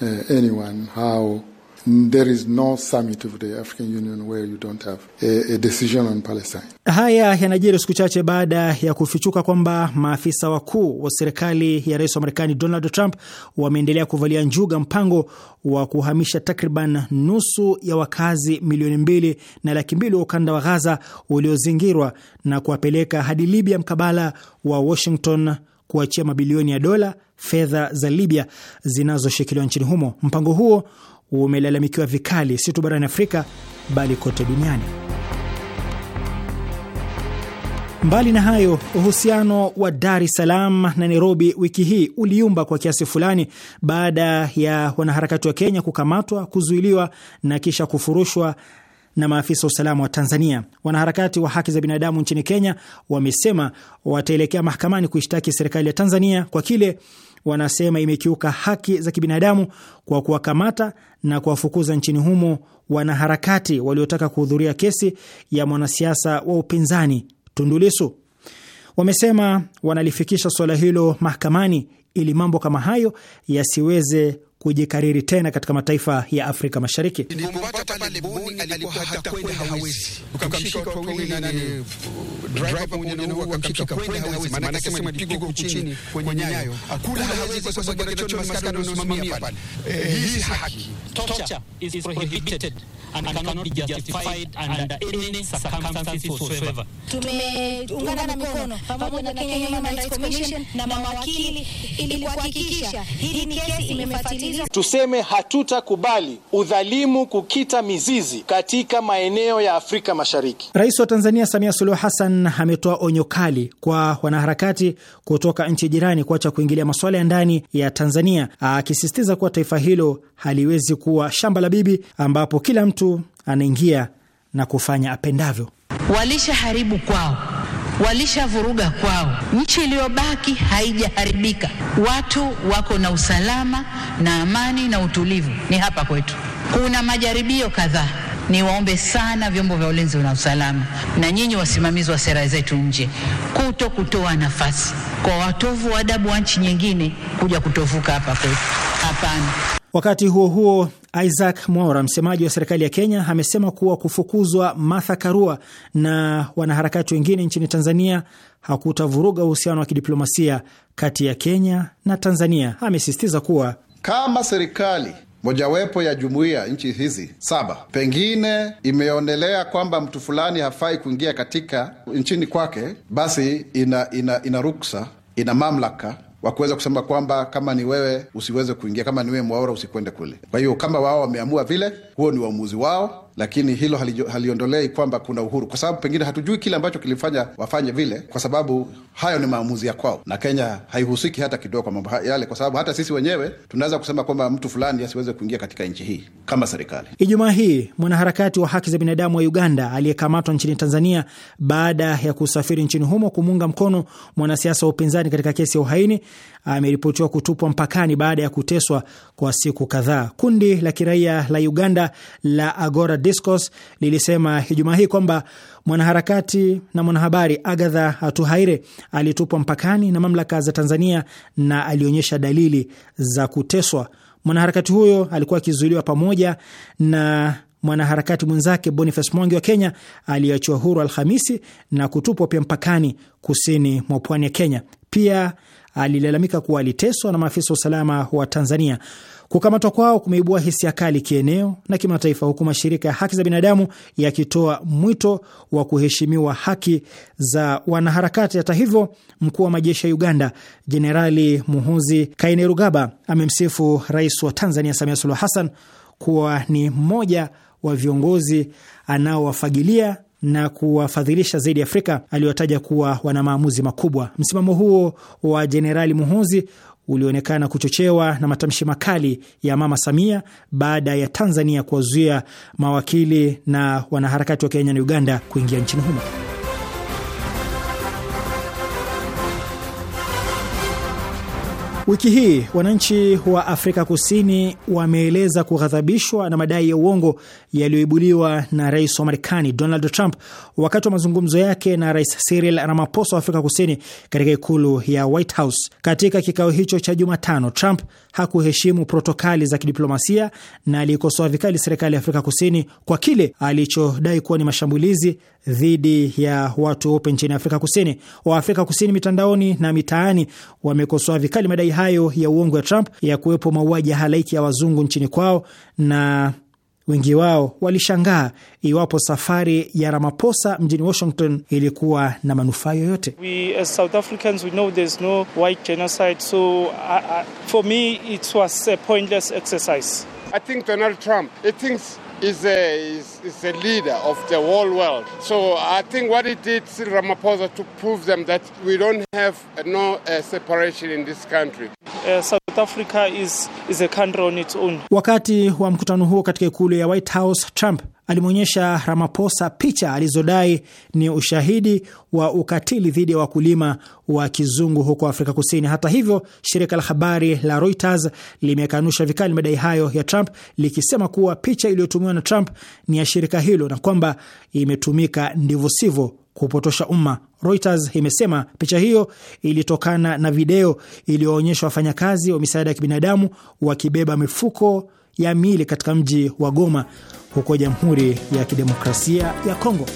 uh, anyone how There is no summit of the African Union where you don't have a, a decision on Palestine. Haya yanajiri siku chache baada ya kufichuka kwamba maafisa wakuu wa serikali ya Rais wa Marekani Donald Trump wameendelea kuvalia njuga mpango wa kuhamisha takriban nusu ya wakazi milioni mbili na laki mbili wa ukanda wa Gaza uliozingirwa na kuwapeleka hadi Libya mkabala wa Washington kuachia mabilioni ya dola fedha za Libya zinazoshikiliwa nchini humo. Mpango huo umelalamikiwa vikali, si tu barani Afrika bali kote duniani. Mbali na hayo, uhusiano wa Dar es Salaam na Nairobi wiki hii uliumba kwa kiasi fulani baada ya wanaharakati wa Kenya kukamatwa, kuzuiliwa na kisha kufurushwa na maafisa wa usalama wa Tanzania. Wanaharakati wa haki za binadamu nchini Kenya wamesema wataelekea mahakamani kuishtaki serikali ya Tanzania kwa kile wanasema imekiuka haki za kibinadamu kwa kuwakamata na kuwafukuza nchini humo wanaharakati waliotaka kuhudhuria kesi ya mwanasiasa wa upinzani tundulisu Wamesema wanalifikisha suala hilo mahakamani ili mambo kama hayo yasiweze kujikariri tena katika mataifa ya Afrika Mashariki. Eh, Tumeungana mikono pamoja na Kenya Human Rights Commission na mawakili ili kuhakikisha hii kesi imefuatiliwa mizizi. Tuseme hatutakubali udhalimu kukita mizizi katika maeneo ya Afrika Mashariki. Rais wa Tanzania Samia Suluhu Hassan ametoa onyo kali kwa wanaharakati kutoka nchi jirani kuacha kuingilia masuala ya ndani ya Tanzania, akisisitiza kuwa taifa hilo haliwezi kuwa shamba la bibi ambapo kila mtu anaingia na kufanya apendavyo. Walishaharibu kwao walishavuruga kwao. Nchi iliyobaki haijaharibika, watu wako na usalama na amani na utulivu, ni hapa kwetu. Kuna majaribio kadhaa. Niwaombe sana vyombo vya ulinzi na usalama na nyinyi wasimamizi wa sera zetu nje, kuto kutoa nafasi kwa watovu wa adabu wa nchi nyingine kuja kutovuka hapa kwetu. Hapana. Wakati huo huo, Isaac Mwaura, msemaji wa serikali ya Kenya, amesema kuwa kufukuzwa Martha Karua na wanaharakati wengine nchini Tanzania hakutavuruga uhusiano wa kidiplomasia kati ya Kenya na Tanzania. Amesisitiza kuwa kama serikali mojawapo ya jumuiya nchi hizi saba pengine imeonelea kwamba mtu fulani hafai kuingia katika nchini kwake, basi ina, ina, ina ruksa, ina mamlaka wa kuweza kusema kwamba kama ni wewe usiweze kuingia, kama ni wewe mwaora usikwende kule. Kwa hiyo kama wao wameamua vile, huo ni uamuzi wao lakini hilo haliondolei kwamba kuna uhuru, kwa sababu pengine hatujui kile ambacho kilifanya wafanye vile, kwa sababu hayo ni maamuzi ya kwao, na Kenya haihusiki hata kidogo kwa mambo yale, kwa sababu hata sisi wenyewe tunaweza kusema kwamba mtu fulani asiweze kuingia katika nchi hii kama serikali. Ijumaa hii mwanaharakati wa haki za binadamu wa Uganda aliyekamatwa nchini Tanzania baada ya kusafiri nchini humo kumuunga mkono mwanasiasa wa upinzani katika kesi ya uhaini ameripotiwa kutupwa mpakani baada ya kuteswa kwa siku kadhaa. Kundi la kiraia la Uganda la Agora Discos lilisema Ijumaa hii kwamba mwanaharakati na mwanahabari Agatha Atuhaire alitupwa mpakani na mamlaka za Tanzania na alionyesha dalili za kuteswa. Mwanaharakati huyo alikuwa akizuiliwa pamoja na mwanaharakati mwenzake Boniface Mwangi wa Kenya aliyeachiwa huru Alhamisi na kutupwa pia mpakani kusini mwa pwani ya Kenya. Pia alilalamika kuwa aliteswa na maafisa wa usalama wa Tanzania. Kukamatwa kwao kumeibua hisia kali kieneo na kimataifa, huku mashirika ya haki za binadamu yakitoa mwito wa kuheshimiwa haki za wanaharakati. Hata hivyo, mkuu wa majeshi ya Uganda Jenerali muhuzi Kainerugaba amemsifu rais wa Tanzania Samia Suluhu Hassan kuwa ni mmoja wa viongozi anaowafagilia na kuwafadhilisha zaidi Afrika aliyotaja kuwa wana maamuzi makubwa. Msimamo huo wa Jenerali Muhoozi ulionekana kuchochewa na matamshi makali ya Mama Samia baada ya Tanzania kuwazuia mawakili na wanaharakati wa Kenya na Uganda kuingia nchini humo. Wiki hii wananchi wa Afrika Kusini wameeleza kughadhabishwa na madai ya uongo yaliyoibuliwa na rais wa Marekani Donald Trump wakati wa mazungumzo yake na Rais Cyril Ramaphosa wa Afrika Kusini katika ikulu ya White House. Katika kikao hicho cha Jumatano, Trump hakuheshimu protokali za kidiplomasia na aliikosoa vikali serikali ya Afrika Kusini kwa kile alichodai kuwa ni mashambulizi dhidi ya watu weupe nchini Afrika Kusini. Waafrika Kusini mitandaoni na mitaani wamekosoa vikali madai hayo ya uongo ya Trump ya kuwepo mauaji ya halaiki ya wazungu nchini kwao, na wengi wao walishangaa iwapo safari ya Ramaphosa mjini Washington ilikuwa na manufaa yoyote. I think Donald Trump, thinks is a, is, is a leader of the whole world. So I think what he did Ramaphosa to prove them that we don't have no uh, separation in this country. Uh, South Africa is, is a country on its own. Wakati wa mkutano huo katika ikulu ya White House, Trump alimwonyesha Ramaphosa picha alizodai ni ushahidi wa ukatili dhidi ya wakulima wa kizungu huko Afrika Kusini. Hata hivyo, shirika la habari la Reuters limekanusha vikali madai hayo ya Trump likisema kuwa picha iliyotumiwa na Trump ni ya shirika hilo na kwamba imetumika ndivyo sivyo kupotosha umma. Reuters imesema picha hiyo ilitokana na video iliyoonyesha wafanyakazi wa misaada ya kibinadamu wakibeba mifuko ya miili katika mji wa Goma huko Jamhuri ya Kidemokrasia ya Kongo.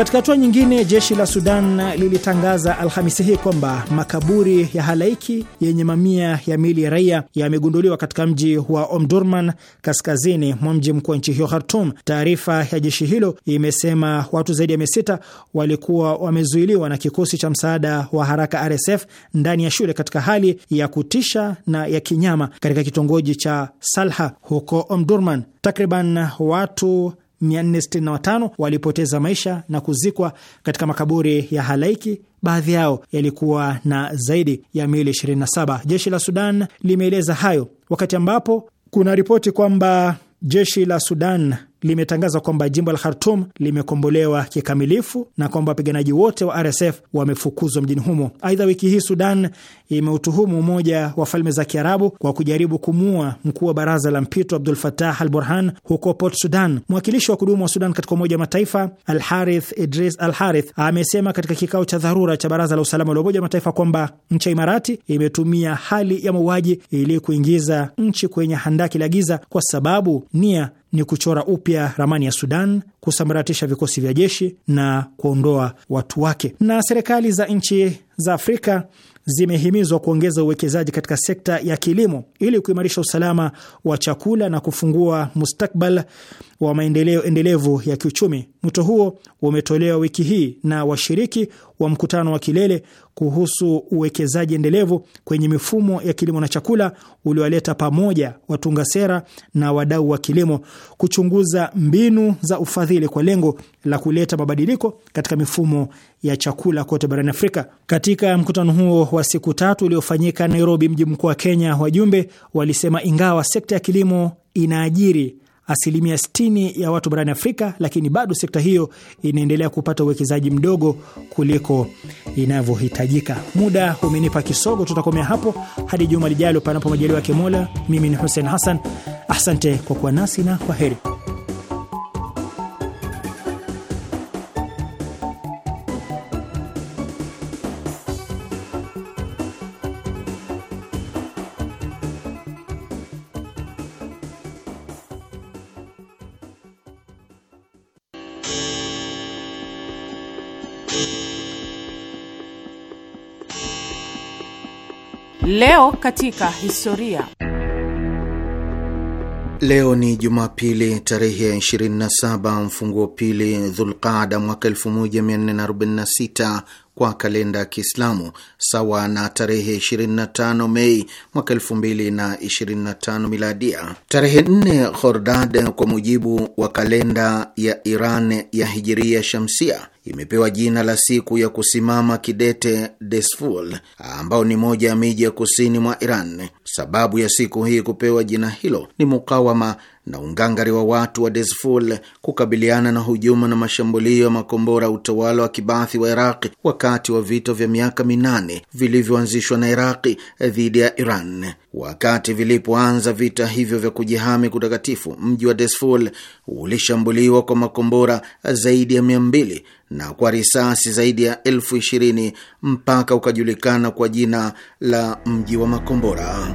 Katika hatua nyingine, jeshi la Sudan lilitangaza Alhamisi hii kwamba makaburi ya halaiki yenye mamia ya miili ya raia yamegunduliwa katika mji wa Omdurman, kaskazini mwa mji mkuu wa nchi hiyo Khartum. Taarifa ya jeshi hilo imesema watu zaidi ya mia sita walikuwa wamezuiliwa na kikosi cha msaada wa haraka RSF ndani ya shule katika hali ya kutisha na ya kinyama katika kitongoji cha Salha huko Omdurman. Takriban watu 465 walipoteza maisha na kuzikwa katika makaburi ya halaiki. Baadhi yao yalikuwa na zaidi ya mili 27. Jeshi la Sudan limeeleza hayo wakati ambapo kuna ripoti kwamba jeshi la Sudan limetangaza kwamba jimbo la Khartum limekombolewa kikamilifu na kwamba wapiganaji wote wa RSF wamefukuzwa mjini humo. Aidha, wiki hii Sudan imeutuhumu Umoja wa Falme za Kiarabu kwa kujaribu kumuua mkuu wa baraza la mpito Abdul Fatah al Burhan huko Port Sudan. Mwakilishi wa kudumu wa Sudan katika Umoja wa Mataifa al Harith Idris al Harith amesema katika kikao cha dharura cha Baraza la Usalama la Umoja wa Mataifa kwamba nchi ya Imarati imetumia hali ya mauaji ili kuingiza nchi kwenye handaki la giza kwa sababu nia ni kuchora upya ramani ya Sudan, kusambaratisha vikosi vya jeshi na kuondoa watu wake. Na serikali za nchi za Afrika zimehimizwa kuongeza uwekezaji katika sekta ya kilimo ili kuimarisha usalama wa chakula na kufungua mustakbal wa maendeleo endelevu ya kiuchumi. Mwito huo umetolewa wiki hii na washiriki wa mkutano wa kilele kuhusu uwekezaji endelevu kwenye mifumo ya kilimo na chakula uliowaleta pamoja watunga sera na wadau wa kilimo kuchunguza mbinu za ufadhili kwa lengo la kuleta mabadiliko katika mifumo ya chakula kote barani Afrika. Katika mkutano huo wa siku tatu uliofanyika Nairobi, mji mkuu wa Kenya, wajumbe walisema ingawa sekta ya kilimo inaajiri asilimia 60 ya watu barani Afrika, lakini bado sekta hiyo inaendelea kupata uwekezaji mdogo kuliko inavyohitajika. Muda umenipa kisogo, tutakomea hapo hadi juma lijalo, panapo majaliwa yake Mola. Mimi ni Hussein Hassan, asante kwa kuwa nasi na kwa heri. Leo katika historia. Leo ni Jumapili tarehe ya 27 mfunguo pili Dhulqada mwaka 1446 kwa kalenda ya Kiislamu sawa na tarehe 25 Mei mwaka 2025 miladia. Tarehe nne Khordad kwa mujibu wa kalenda ya Iran ya hijiria shamsia imepewa jina la siku ya kusimama kidete Desful, ambao ni moja ya miji ya kusini mwa Iran. Sababu ya siku hii kupewa jina hilo ni mukawama na ungangari wa watu wa Desful kukabiliana na hujuma na mashambulio ya makombora ya utawala wa kibathi wa Iraqi wakati wa vita vya miaka minane vilivyoanzishwa na Iraqi dhidi ya Iran. Wakati vilipoanza vita hivyo vya kujihami kutakatifu, mji wa Desful ulishambuliwa kwa makombora zaidi ya mia mbili na kwa risasi zaidi ya elfu ishirini mpaka ukajulikana kwa jina la mji wa makombora.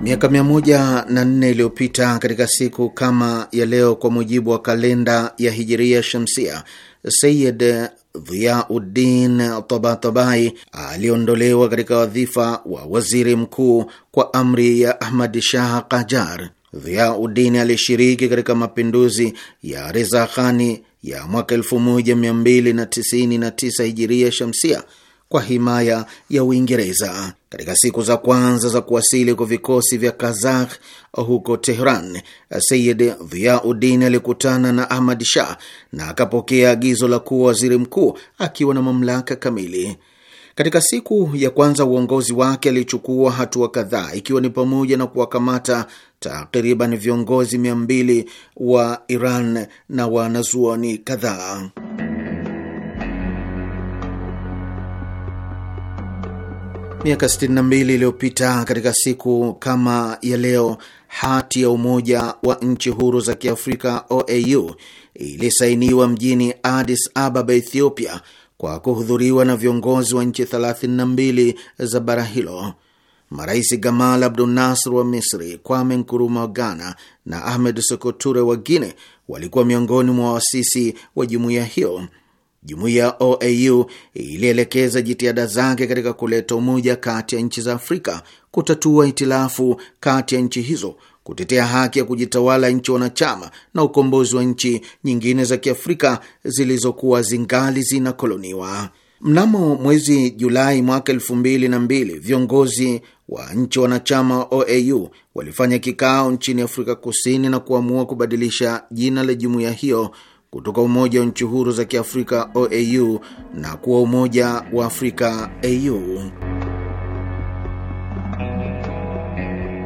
Miaka mia moja na nne iliyopita katika siku kama ya leo, kwa mujibu wa kalenda ya hijiria shamsia, Sayid Dhiauddin Tabatabai aliondolewa katika wadhifa wa waziri mkuu kwa amri ya Ahmad Shah Kajar. Dhiauddin alishiriki katika mapinduzi ya Reza Khani ya mwaka 1299 hijiria shamsia kwa himaya ya Uingereza. Katika siku za kwanza za kuwasili kwa vikosi vya Kazakh huko Tehran, Sayid Dhiauddin alikutana na Ahmad Shah na akapokea agizo la kuwa waziri mkuu akiwa na mamlaka kamili. Katika siku ya kwanza uongozi wake alichukua hatua kadhaa, ikiwa ni pamoja na kuwakamata takriban viongozi mia mbili wa Iran na wanazuoni kadhaa. Miaka 62 iliyopita katika siku kama ya leo, hati ya Umoja wa Nchi Huru za Kiafrika OAU ilisainiwa mjini Addis Ababa, Ethiopia, kwa kuhudhuriwa na viongozi wa nchi 32 za bara hilo. Marais Gamal abdu Nasr wa Misri, Kwame Nkuruma wa Ghana na Ahmed Sekoture wa Guine walikuwa miongoni mwa waasisi wa jumuiya hiyo. Jumuiya ya OAU ilielekeza jitihada zake katika kuleta umoja kati ya nchi za Afrika, kutatua itilafu kati ya nchi hizo, kutetea haki ya kujitawala nchi wanachama na ukombozi wa nchi nyingine za Kiafrika zilizokuwa zingali zinakoloniwa. Mnamo mwezi Julai mwaka elfu mbili na mbili viongozi wa nchi wanachama wa OAU walifanya kikao nchini Afrika Kusini na kuamua kubadilisha jina la jumuiya hiyo kutoka Umoja wa Nchi Huru za Kiafrika OAU na kuwa Umoja wa Afrika AU.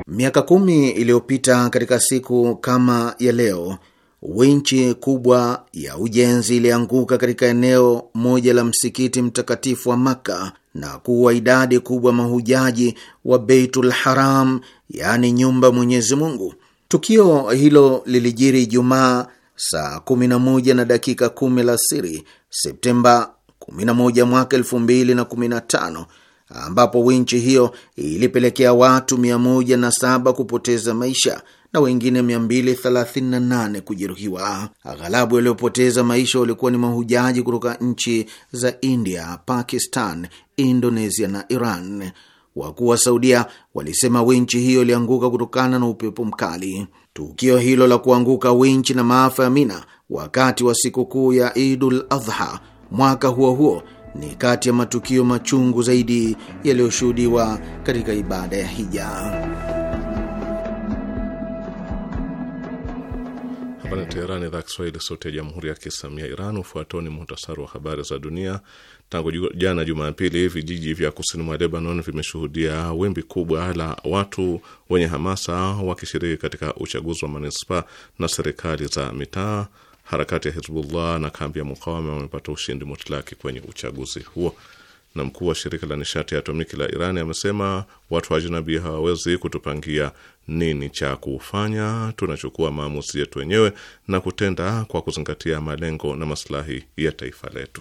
Miaka kumi iliyopita katika siku kama ya leo, winchi kubwa ya ujenzi ilianguka katika eneo moja la msikiti mtakatifu wa Makka na kuwa idadi kubwa mahujaji wa Beitul Haram, yaani nyumba Mwenyezi Mungu. Tukio hilo lilijiri Ijumaa saa 11 na dakika 10 la siri Septemba 11 mwaka 2015 ambapo winchi hiyo ilipelekea watu 107 kupoteza maisha na wengine 238 kujeruhiwa. Aghalabu waliopoteza maisha walikuwa ni mahujaji kutoka nchi za India, Pakistan, Indonesia na Iran. Wakuu wa Saudia walisema winchi hiyo ilianguka kutokana na upepo mkali. Tukio hilo la kuanguka winchi na maafa ya Mina wakati wa sikukuu ya Idul Adha mwaka huo huo ni kati ya matukio machungu zaidi yaliyoshuhudiwa katika ibada ya hija. Hapa ni Teherani, idhaa Kiswahili, sauti ya jamhuri ya kiislamia Iran. Ufuatao ni muhtasari wa habari za dunia. Tangu jana Jumapili, vijiji vya kusini mwa Lebanon vimeshuhudia wimbi kubwa la watu wenye hamasa wakishiriki katika uchaguzi wa manispa na serikali za mitaa. Harakati ya Hizbullah na kambi ya mukawama wamepata ushindi mutlaki kwenye uchaguzi huo. Na mkuu wa shirika la nishati ya atomiki la Iran amesema watu wa ajnabi hawawezi kutupangia nini cha kufanya. Tunachukua maamuzi yetu wenyewe na kutenda kwa kuzingatia malengo na maslahi ya taifa letu.